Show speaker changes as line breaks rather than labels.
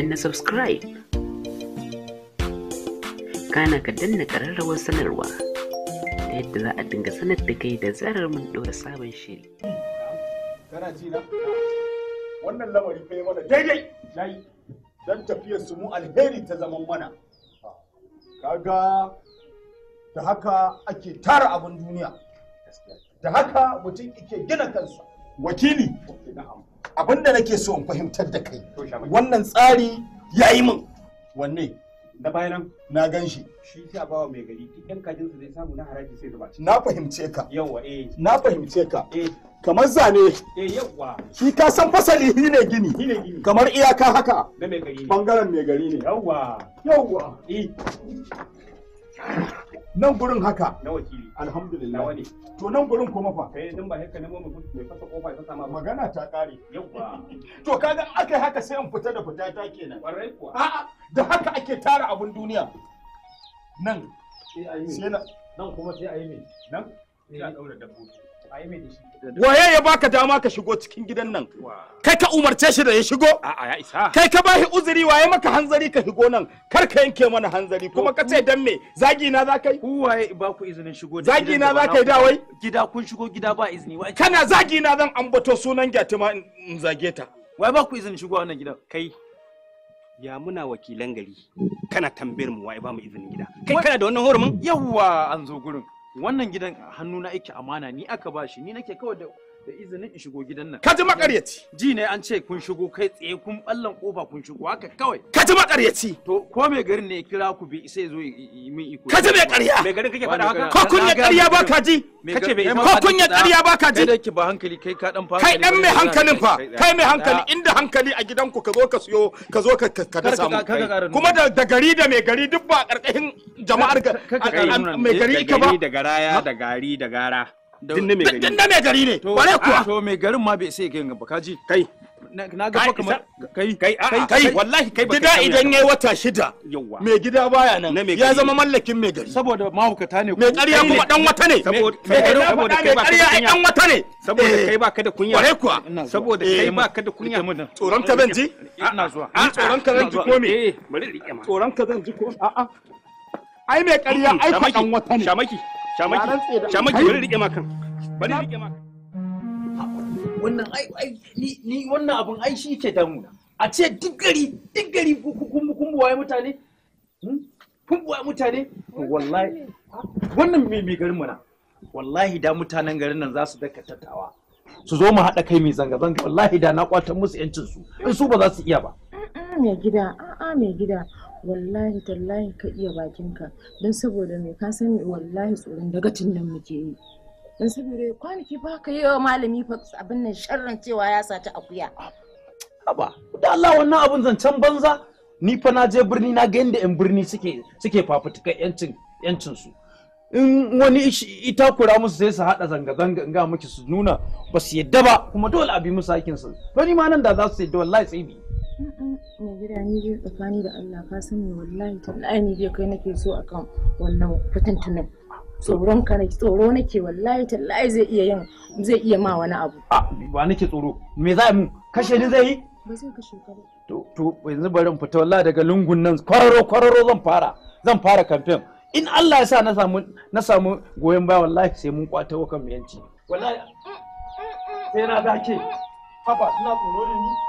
danna subscribe kana ka danna ƙararrawar sanarwa ta yadda za a dinga sanar da kai da zarar mun ɗora sabon shiri kana ji na wannan lamari fa mana daidai yayi dan tafiyar su mu alheri ta zaman mana kaga da haka ake tara abin duniya da haka mutum yake gina kansa wakili na'am abinda nake so in fahimtar da kai wannan tsari ya yi min wanne da bayanan na gan shi shi ta bawa mai gari duk yan kajin zai samu na haraji sai zuba na fahimce ka yawa eh na fahimce ka eh kamar zane eh yawa shi ka san fasali shi ne gini shi ne gini kamar iyaka haka na mai gari bangaren mai gari ne yawa yawa eh nan gurin haka na wakili alhamdulillah wani to nan gurin kuma fa kai dan ba haka ne mu mai fasa kofa ta sama magana ta kare yauwa to kaga akai haka sai an fita da fita ta kenan kwarai kuwa a'a da haka ake tara abun duniya nan sai ayi nan kuma sai ayi nan
sai a daura dabbobi waye
ya baka dama ka shigo cikin gidan nan kai ka umarce shi da ya shigo kai ka bashi uzuri waye maka hanzari ka shigo nan kar ka yanke mana hanzari kuma ka ce dan me zagi na za kai ku waye ba
ku izinin shigo da zagi na za kai dawai gida kun shigo gida ba izini wai kana
zagi na zan ambato sunan gyatima in zage ta waye ba ku izinin shigo wannan gidan kai ya muna wakilan gari kana
tambayar mu waye ba mu izinin gida kai kana da wannan hurumin yawwa an zo gurin wannan gidan hannu na yake amana ni aka bashi ni nake kawai da da izinin in shigo gidan nan. Kaji makaryaci. Ji ne an ce kun shigo kai tsaye kun ballan kofa kun shigo haka kawai. Kaji makaryaci. To ko mai garin ne ya kira ku bi sai zo yi min iko. Kaji mai ƙarya. Mai garin kake faɗa haka? Ko kun ya ƙarya ba ka ji?
Kace bai ko kun ya ƙarya ba ka ji?
Kai ba hankali kai ka dan fara. Kai dan mai hankalin fa. Kai mai hankali
inda hankali a gidan ku ka zo ka siyo ka zo ka ka da samu. Kuma da gari da mai gari duk ba karkashin jama'ar ga mai gari ka ba. Da
gari da garaya da gari da gara. din na mai gari ne kware kuwa to mai garin ma bai sai ga ba kaji kai na ga kamar
kai kai kai wallahi kai gida idan yayi wata shida mai gida baya nan ya zama mallakin mai gari saboda mahaukata ne mai ƙarya kuma dan wata ne saboda kai ba ƙarya dan wata ne saboda eh. kai ba ka da kunya kuwa saboda eh, kai ba ka da kunya tsoron ka zan ji ina zuwa ni tsoron ka zan ji ko me eh, bari rike ma tsoron ka zan ji ko a'a mm, ai mai ƙarya ai a dan wata ne shamaki Shamaki, shamaki bari rike makan. Bari rike makan.
Wannan ai ai ni wannan abun ai shi ke damuna. A ce duk gari duk gari kun buwaye mutane. Hmm? Kun buwaye mutane. Wallahi wannan me me garin mu na. Wallahi da mutanen garin nan za su daka tattawa. Su zo mu haɗa kai mai zanga-zanga wallahi da na kwatan musu 'yancin su in su ba za su iya ba.
A'a mai gida, a'a ah, ah, mai gida. wallahi tallahi ka iya bakinka don saboda mai ka sani wallahi tsoron daga nan muke yi don saboda kwanaki ba ka yi wa malami abin nan sharran cewa ya ta akuya
haba da Allah wannan abin zancen banza ni fa na je birni na ga yanda yan birni suke suke fafutukan yancin su in wani ita kura musu sai su hada zanga-zanga ga miki su nuna ba su yadda ba kuma dole abi bi musu hakinsu ni ma nan da za su yadda wallahi sai bi
mai gida ni dai tsakani da Allah ka sani wallahi tallahi ni dai kai nake so akan wannan fitintunan tsoron ka nake tsoro nake wallahi tallahi zai iya yin zai iya ma wani abu
ba nake tsoro me za mu kashe ni zai yi
ba zai kashe ka ba
to to yanzu bari in fita wallahi daga lungun nan kwararo kwararo zan fara zan fara kamfen in Allah ya sa na samu na samu goyon baya wallahi sai mun kwata wa mu yanci wallahi sai na dake haba ina tsoro
ne